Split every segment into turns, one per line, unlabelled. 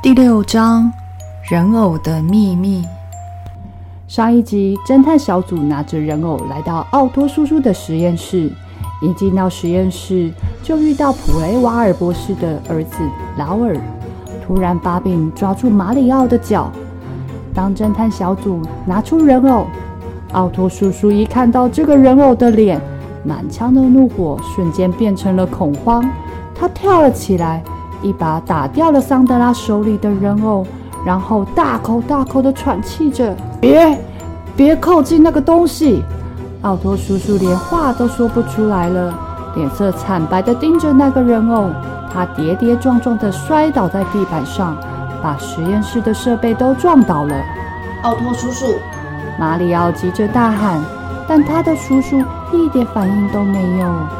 第六章，人偶的秘密。上一集，偵探小組拿着人偶來到奧托叔叔的實驗室。一進到實驗室，就遇到普雷瓦爾博士的兒子勞爾，突然發病，抓住馬里奧的腳。當偵探小組拿出人偶，奧托叔叔一看到這個人偶的臉，滿腔的怒火瞬間變成了恐慌，他跳了起來。一把打掉了桑德拉手裡的人偶，然後大口大口的喘氣着。別，別靠近那個東西！奧托叔叔連話都說不出來了，臉色慘白的盯着那個人偶。他跌跌撞撞的摔倒在地板上，把實驗室的設備都撞倒了。奧托叔叔，馬里奧急着大喊，但他的叔叔一點反應都沒有。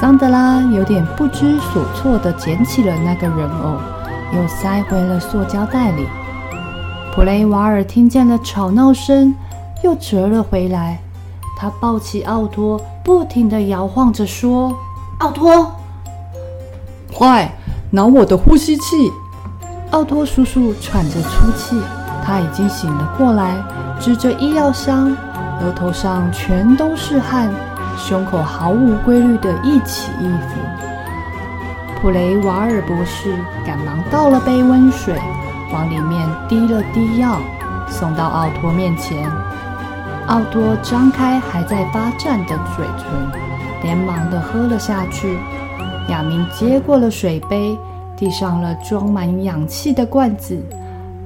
桑德拉有點不知所措地撿起了那個人偶，又塞回了塑膠袋裡。普雷瓦爾聽見了吵鬧聲，又折了回來。他抱起奧托，不停地搖晃着說：“奧托，快拿我的呼吸器！”奧托叔叔喘着粗氣，他已經醒了過來，指着醫藥箱，額頭上全都是汗。胸口毫無規律的一起一伏，普雷瓦爾博士趕忙倒了杯溫水，往裡面滴了滴藥，送到奧托面前。奧托張開還在發顫的嘴唇，連忙的喝了下去。亞明接過了水杯，遞上了裝滿氧氣的罐子。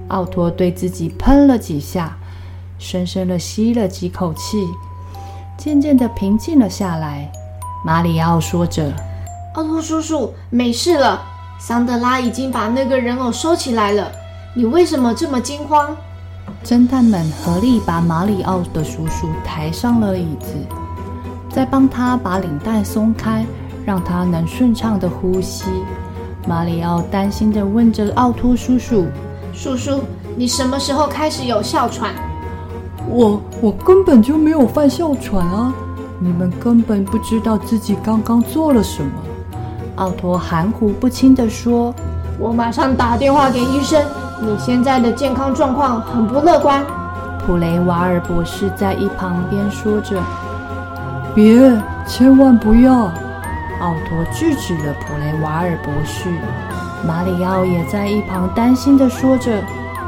奧托對自己噴了幾下，深深的吸了幾口氣。漸漸的平靜了下來，馬里奧說着：“奧托叔叔，沒事了。桑德拉已
經把那個人偶收起來了。你為什麼這麼驚慌？”
偵探們合力把馬里奧的叔叔抬上了椅子，再幫他把領帶鬆開，讓他能順暢的呼吸。馬里奧擔心的問着奧托叔叔：“
叔叔，你什麼時候開始有
哮喘？”我我根本就沒有犯哮喘啊！你們根本不知道自己剛剛做了什麼。”奧托含糊不清地說。“我馬上打電話給醫生，你現在的健康狀況很不樂觀。”普雷瓦爾博士在一旁邊說着。“別，千萬不要！”奧托制止了普雷瓦爾博士。馬里奧也在一旁擔心地說着：“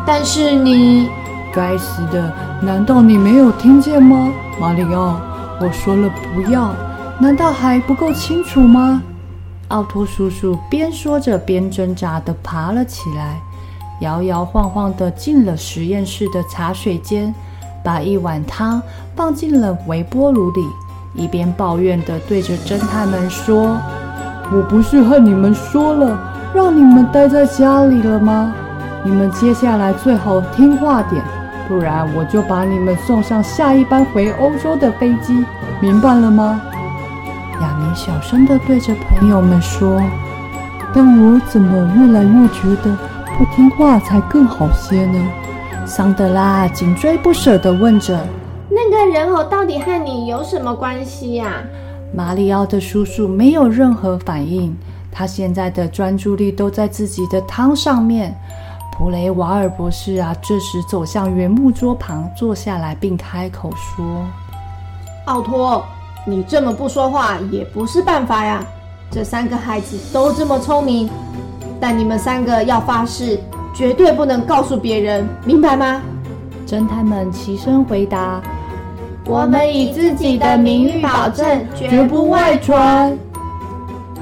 但是你……”該死的！難道你沒有聽見嗎，馬里奧？我說了不要，難道還不夠清楚嗎？奧托叔叔邊說着邊掙扎地爬了起來，搖搖晃晃地進了實驗室的茶水間，把一碗湯放進了微波爐裡，一邊抱怨地對着偵探們說：“我不是和你們說了，讓你們待在家裡了嗎？你們接下來最好聽話點。”不然我就把你們送上下一班回歐洲的飛機，明白了嗎？亞明小聲地對着朋友們說：“但我怎麼越來越覺得不聽話才更好些呢？”桑德拉緊追不捨地問着：“
那個人偶到底和你有什麼關係呀？”
馬里奧的叔叔沒有任何反應，他現在的專注力都在自己的湯上面。普雷瓦爾博士啊，這時走向原木桌旁，坐下來，並開口說：“奧托，你這麼不說話
也不是辦法呀。這三個孩子都這麼聰明，但你們三個要發誓，絕對不能告訴別人，明白嗎？”偵探們齊聲回答：“我們以自己的名譽保證，絕不外傳。”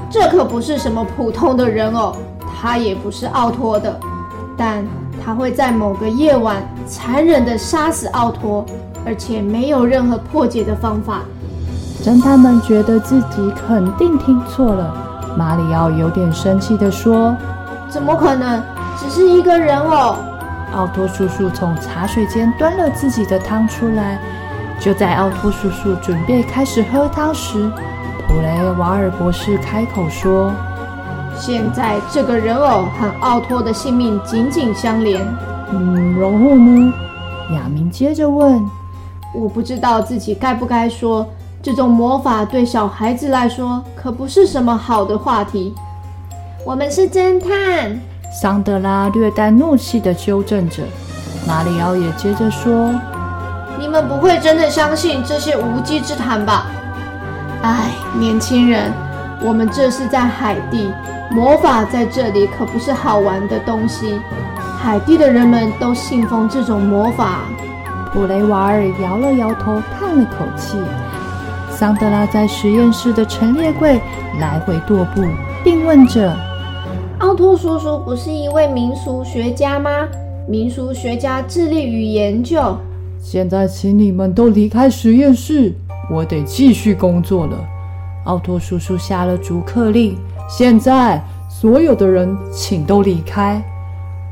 這可不是什麼普通的人偶，他也不是奧托的。但他會在某個夜晚殘忍地殺死奧托，而且沒有任何破解的方法。
偵探他們覺得自己肯定聽錯了。馬里奧有點生氣地說：“怎麼可能？只是一個人偶。”奧托叔叔從茶水間端了自己的湯出來。就在奧托叔叔準備開始喝湯時，普雷瓦爾博士開口說。現在這個人偶和
奧托的性命緊緊相連。
嗯，然後呢？亞明接
着問。我不知道自己該不該說，這種魔法對小孩子來說可不是什麼好的話題。我們是偵探。
桑德拉略帶怒氣的糾正着。馬里奧也接着說：“
你們不會真的相信這些無稽之談吧？”哎，年輕人。我們這是在海地，魔法在這裡可不是好玩的東西。海地的人們都信奉這種魔法。
普雷瓦爾搖了搖頭，嘆了口氣。桑德拉在實驗室的陳列櫃來回踱步，並問着：“奧托叔叔不
是一位民俗學家嗎？民俗學家致力於研究。
現在，請你們都離開實驗室，我得繼續工作了。”奧托叔叔下了逐客令。現在，所有的人，請都離開。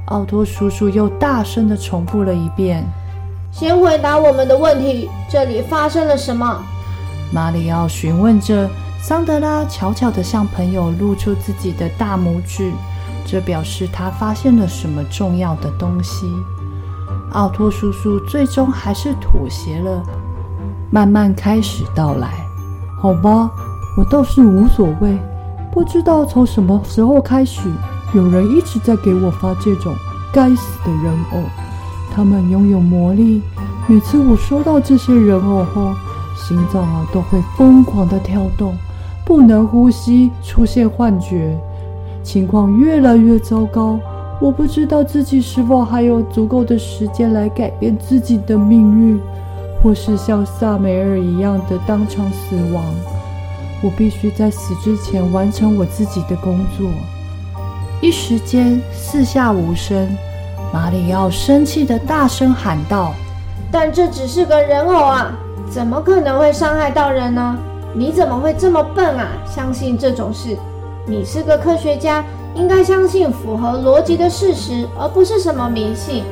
奧托叔叔又大聲地重複了一遍：“先回答我們的問題，這裡發生了什麼？”馬里奧詢問着。桑德拉悄悄地向朋友露出自己的大拇指，這表示他發現了什麼重要的東西。奧托叔叔最終還是妥協了，慢慢開始道來：“好吧。”我倒是無所謂，不知道從什麼時候開始，有人一直在給我發這種該死的人偶。他們擁有魔力，每次我收到這些人偶後，心臟啊都會瘋狂的跳動，不能呼吸，出現幻覺，情況越來越糟糕。我不知道自己是否還有足夠的時間來改變自己的命運，或是像薩梅爾一樣的當場死亡。我必須在死之前完成我自己的工作。一時間四下無聲，馬里奧生氣地大聲喊道：“
但這只是個人偶啊，怎麼可能會傷害到人呢？你怎麼會這麼笨啊？相信這種事？你是個科學家，應該相信符合邏輯的事實，而不是什麼迷信。”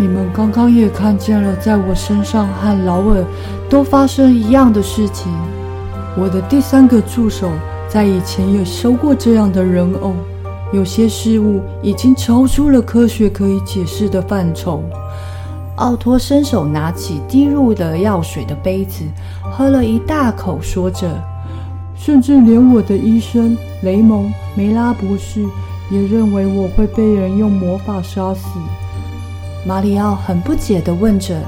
你們剛剛也看見了，在我身上和勞爾都發生一樣的事情。我的第三個助手在以前也收過這樣的人偶。有些事物已經超出了科學可以解釋的範疇。奧托伸手拿起滴入的藥水的杯子，喝了一大口，說着：“甚至連我的醫生雷蒙梅拉博士也認為我會被人用魔法殺死。”馬里奧很不解地問着：“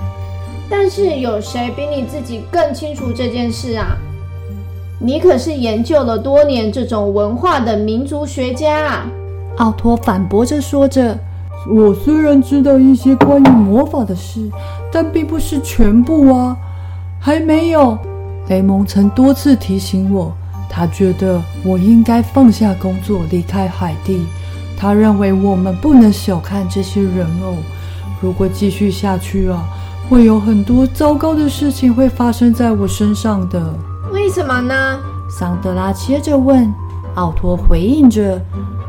但是有誰比你自己更清楚這件事啊？”你可是研究了多年這種文化的民族學家啊，
奧托反駁着說着。我雖然知道一些關於魔法的事，但並不是全部啊，還沒有。雷蒙曾多次提醒我，他覺得我應該放下工作，離開海地。他認為我們不能小看這些人偶，如果繼續下去啊，會有很多糟糕的事情會發生在我身上的。為什麼呢？桑德拉接着問。奧托回應着：“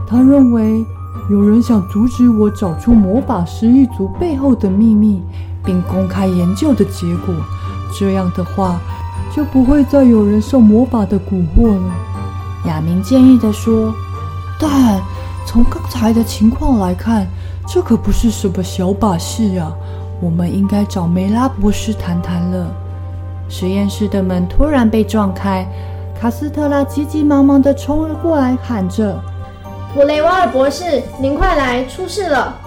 他認為有人想阻止我找出魔法師一族背後的秘密，並公開研究的結果。這樣的話，就不會再有人受魔法的蠱惑了。”亞明建議地說：“但從剛才的情況來看，這可不是什麼小把戲啊！我們應該找梅拉博士談談了。”實驗室的門突然被撞開，卡斯特拉急急忙忙的衝了過來，喊着：“普雷瓦爾博士，您
快來，出事了！”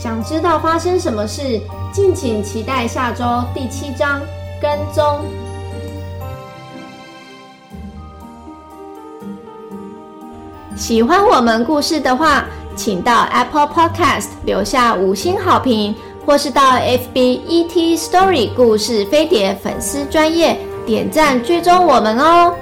想知道發生什麼事？敬請期待下週第七章《跟蹤》。喜歡我們故事的話，請到 Apple Podcast 留下五星好評。或是到 F B E T Story 故事飛碟粉絲專頁點讚追蹤我們哦。